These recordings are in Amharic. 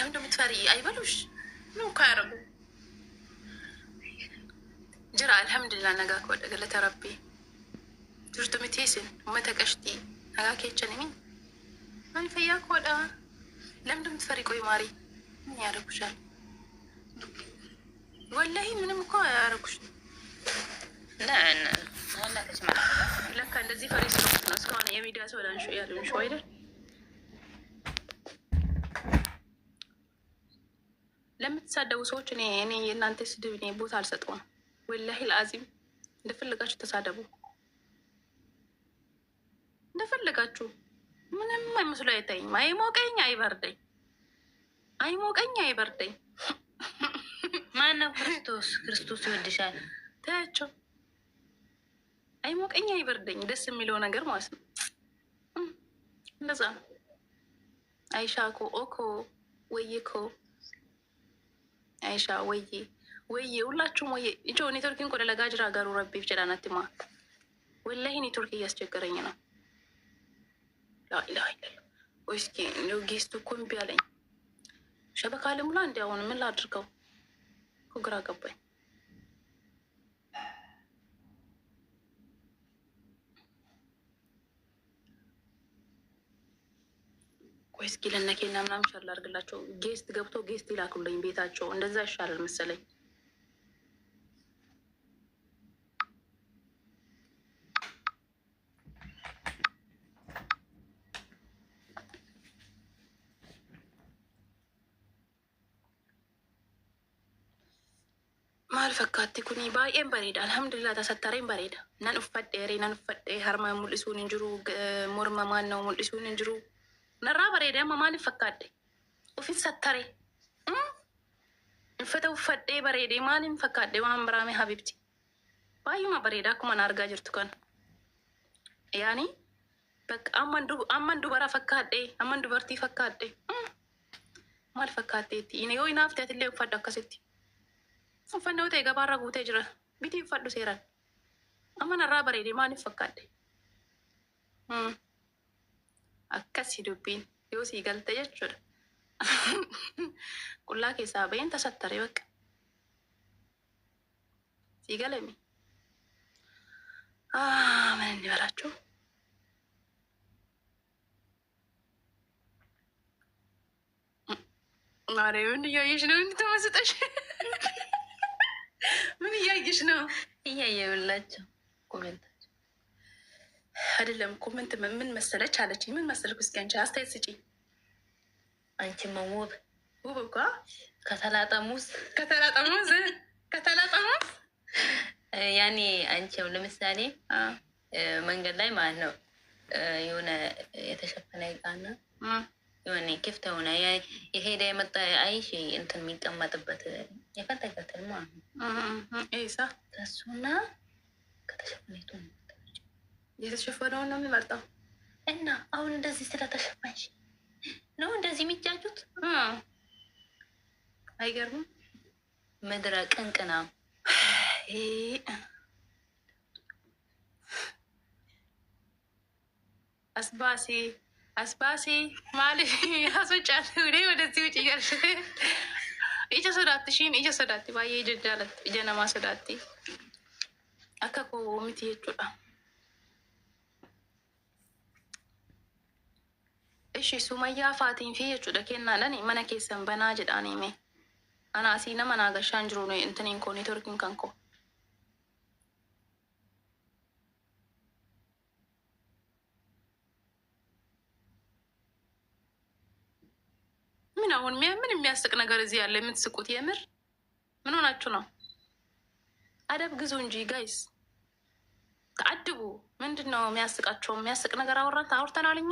ለምን እንደምትፈሪ አይበሉሽ። ምን እኮ ያረጉ ጅራ አልሐምድላ ነጋ ከወደ ከወደገ ለተረቤ ጅርቱ ምትሄስን መተቀሽቲ ነጋ ኬቸን ሚን አንፈያ ከወደ ለምን እንደምትፈሪ ቆይ ማሪ ምን ያደረጉሻል? ወላሂ ምንም እኮ ያደረጉሽ ለካ እንደዚህ ፈሪ ስለሆነ እስካሁን የሚዲያ ሰው ላንሹ ያለንሹ አይደል ለምትሳደቡ ሰዎች እኔ እኔ የእናንተ ስድብ እኔ ቦታ አልሰጠው ነው። ወላሂ ለአዚም እንደፈለጋችሁ ተሳደቡ፣ እንደፈለጋችሁ ምንም አይመስሉ አይታይም። አይሞቀኝ አይበርደኝ፣ አይሞቀኝ አይበርደኝ። ማነው ክርስቶስ ክርስቶስ ይወድሻል። ታያቸው አይሞቀኝ አይበርደኝ። ደስ የሚለው ነገር ማለት ነው። እንደዛ ነው። አይሻኮ ኦኮ ወይኮ አይሻ ወይዬ ወይዬ ሁላችሁም ወይዬ እጆ ኔትወርኪን ቆደ ለጋጅራ ጋሩ ረቤፍ ጀዳናትማ ወላሂ ኔትወርክ እያስቸገረኝ ነው። ላላ እስኪ ጌስቱ እኮ እምቢ አለኝ። ሸበካ ልሙላ እንዲ አሁን ምን ላድርገው? ግራ ገባኝ። ወይስ ግን ለነኬና ምናምን ሸር አርግላቸው ጌስት ገብቶ ጌስት ይላኩልኝ ቤታቸው፣ እንደዛ ይሻላል መሰለኝ። ማል ፈካቲ ኩኒ ባኤን በሬዳ አልሐምዱላ ተሰተረኝ በሬዳ ነን ፈጤሬ ነን ፈጤ ሀርማ ሙልሱን እንጅሩ ሞርማ ማን ነው ሙልሱን እንጅሩ Narraa bareedee amma maaliif fakkaadde? Ofin sattaree. Uffata hmm? uffadhee bareedee maaliin fakkaadde waan biraame habibti. Baay'uma bareeda akkuma na argaa jirtu kan. Yaani amman dubara fakkaadhe amman dubartii fakkaadhe. Maal hmm? fakkaatteetti? Inni yoo inaaf ta'atillee uffadhu akkasitti. Uffanni yoo ta'e gabaarra guutee jira. Bitii uffadhu seeraan. Amma narraa bareedee maaliif fakkaadhe? Hmm. akkasi dubbiin yoo sii galte jechuudha qullaa keessaa ba'een tasattare bakka sii galame. mana inni barachuu ማርያም ምን እያየሽ ነው? እንድትመስጠሽ ምን እያየሽ ነው? እያየሁላቸው ኮሜንት አይደለም ኮመንት ምን መሰለች አለች። ምን መሰልኩ? እስኪ አንቺ አስተያየት ስጪ። አንቺ መውብ ውብ እኳ ከተላጠሙስ ከተላጠሙስ ከተላጠሙስ ያኔ አንቺ ለምሳሌ መንገድ ላይ ማለት ነው የሆነ የተሸፈነ ይቃና የሆነ ክፍት ሆነ የሄደ የመጣ አይሽ እንትን የሚቀመጥበት የፈለገትን ማለት ነው ከሱና ከተሸፈነቱ ነው የተሸፈነውን ነው የሚመርጠው። እና አሁን እንደዚህ ስለተሸፈንሽ ነው እንደዚህ የሚጫጩት። አይገርምም? ምድረ ቅንቅና አስባሴ አስባሴ ማለት ያስወጫል። ወደ ወደዚህ ውጭ እያልሽ ኢጀ ሶዳት ሽን ኢጀ ሶዳት ባየ ጀጃለት እጀነማ ነማ ሶዳት አከኮ ሚት የቹዳ Ishii Sumayyaa Faatiin fi jechuudha kennaadhaan mana keessan banaa jedhaan hime. Ana asii nama naa gashaan jiru intaniin koo niitworkiin kan koo. ምን አሁን ምን የሚያስቅ ነገር እዚህ ያለ? የምትስቁት የምር ምን ሆናችሁ ነው? አደብ ግዙ እንጂ ጋይስ፣ ተአድቡ። ምንድን ነው የሚያስቃቸው? የሚያስቅ ነገር አወራን አውርተናል እኛ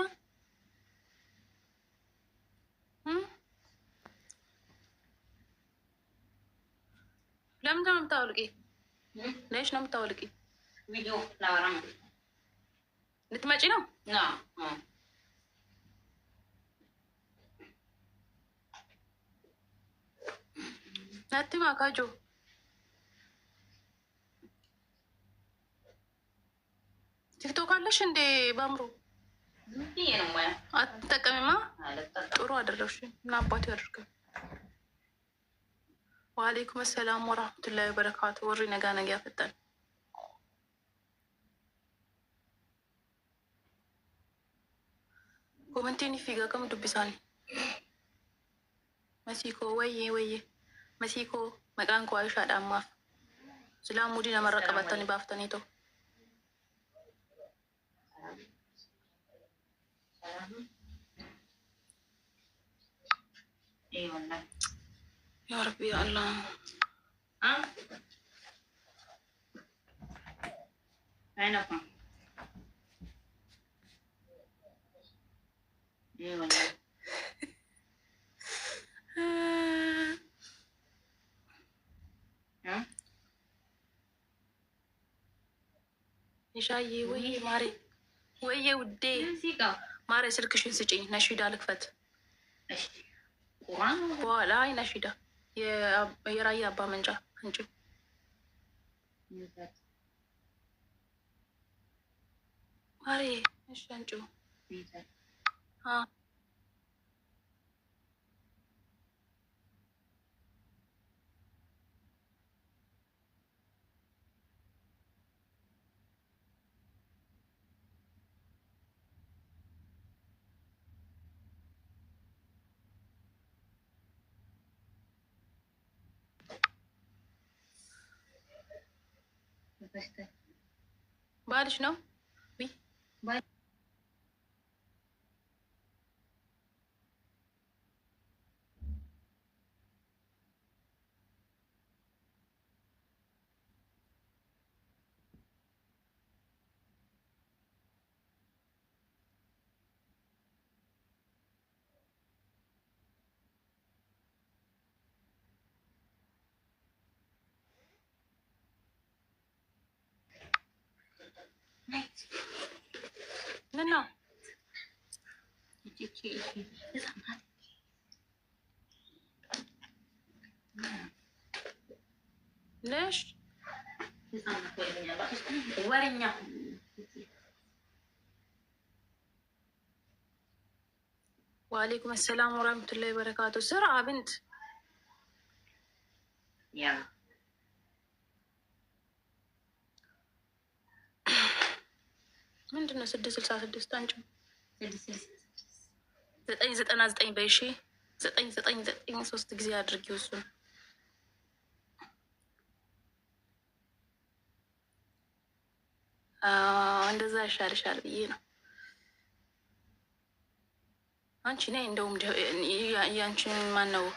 ለምንድን ነው የምታወልቂ? ነሽ ነው የምታወልቂ? ልትመጪ ነው? ናቲማ ካጆ ቲክቶክ አለሽ እንዴ? በአምሮ አትጠቀሚማ። ጥሩ አደረግሽ ምን አባቱ ያደርገው ወአሌይኩም ሰላም ወራህመቱላሂ ወበረካቱ። ወሪ ነጋ ነጋ ያፈጠን ኮመንቴን ፊጋ ከም ዱብሳኒ መሲኮ ወየ ወየ መሲኮ መቃን ኮ ዳማፍ ስላም ሙዲ ነመረቀበተኒ ባፍተኒ ቶ يا ربي يا الله عينكم ايه والله ሻዬ ወይ ማሬ ወይ ውዴ ማሬ ስልክሽን ስጪኝ ነሺዳ ልክፈት በኋላ አይ ነሺዳ የራያ አባ መንጃ አንቺ ማሬ እሺ አንቺ ባልሽ ነው ምን ነው ነሽ ወራህመቱላሂ ወበረካቱ ስራ አብንት ያ ምንድን ነው ስድስት ስልሳ ስድስት አንቺ ዘጠኝ ዘጠና ዘጠኝ በይሺ ዘጠኝ ዘጠኝ ዘጠኝ ሶስት ጊዜ አድርጊው እሱን እንደዛ ይሻልሻል ብዬ ነው። አንቺ ነይ እንደውም ያንቺን ማን ነው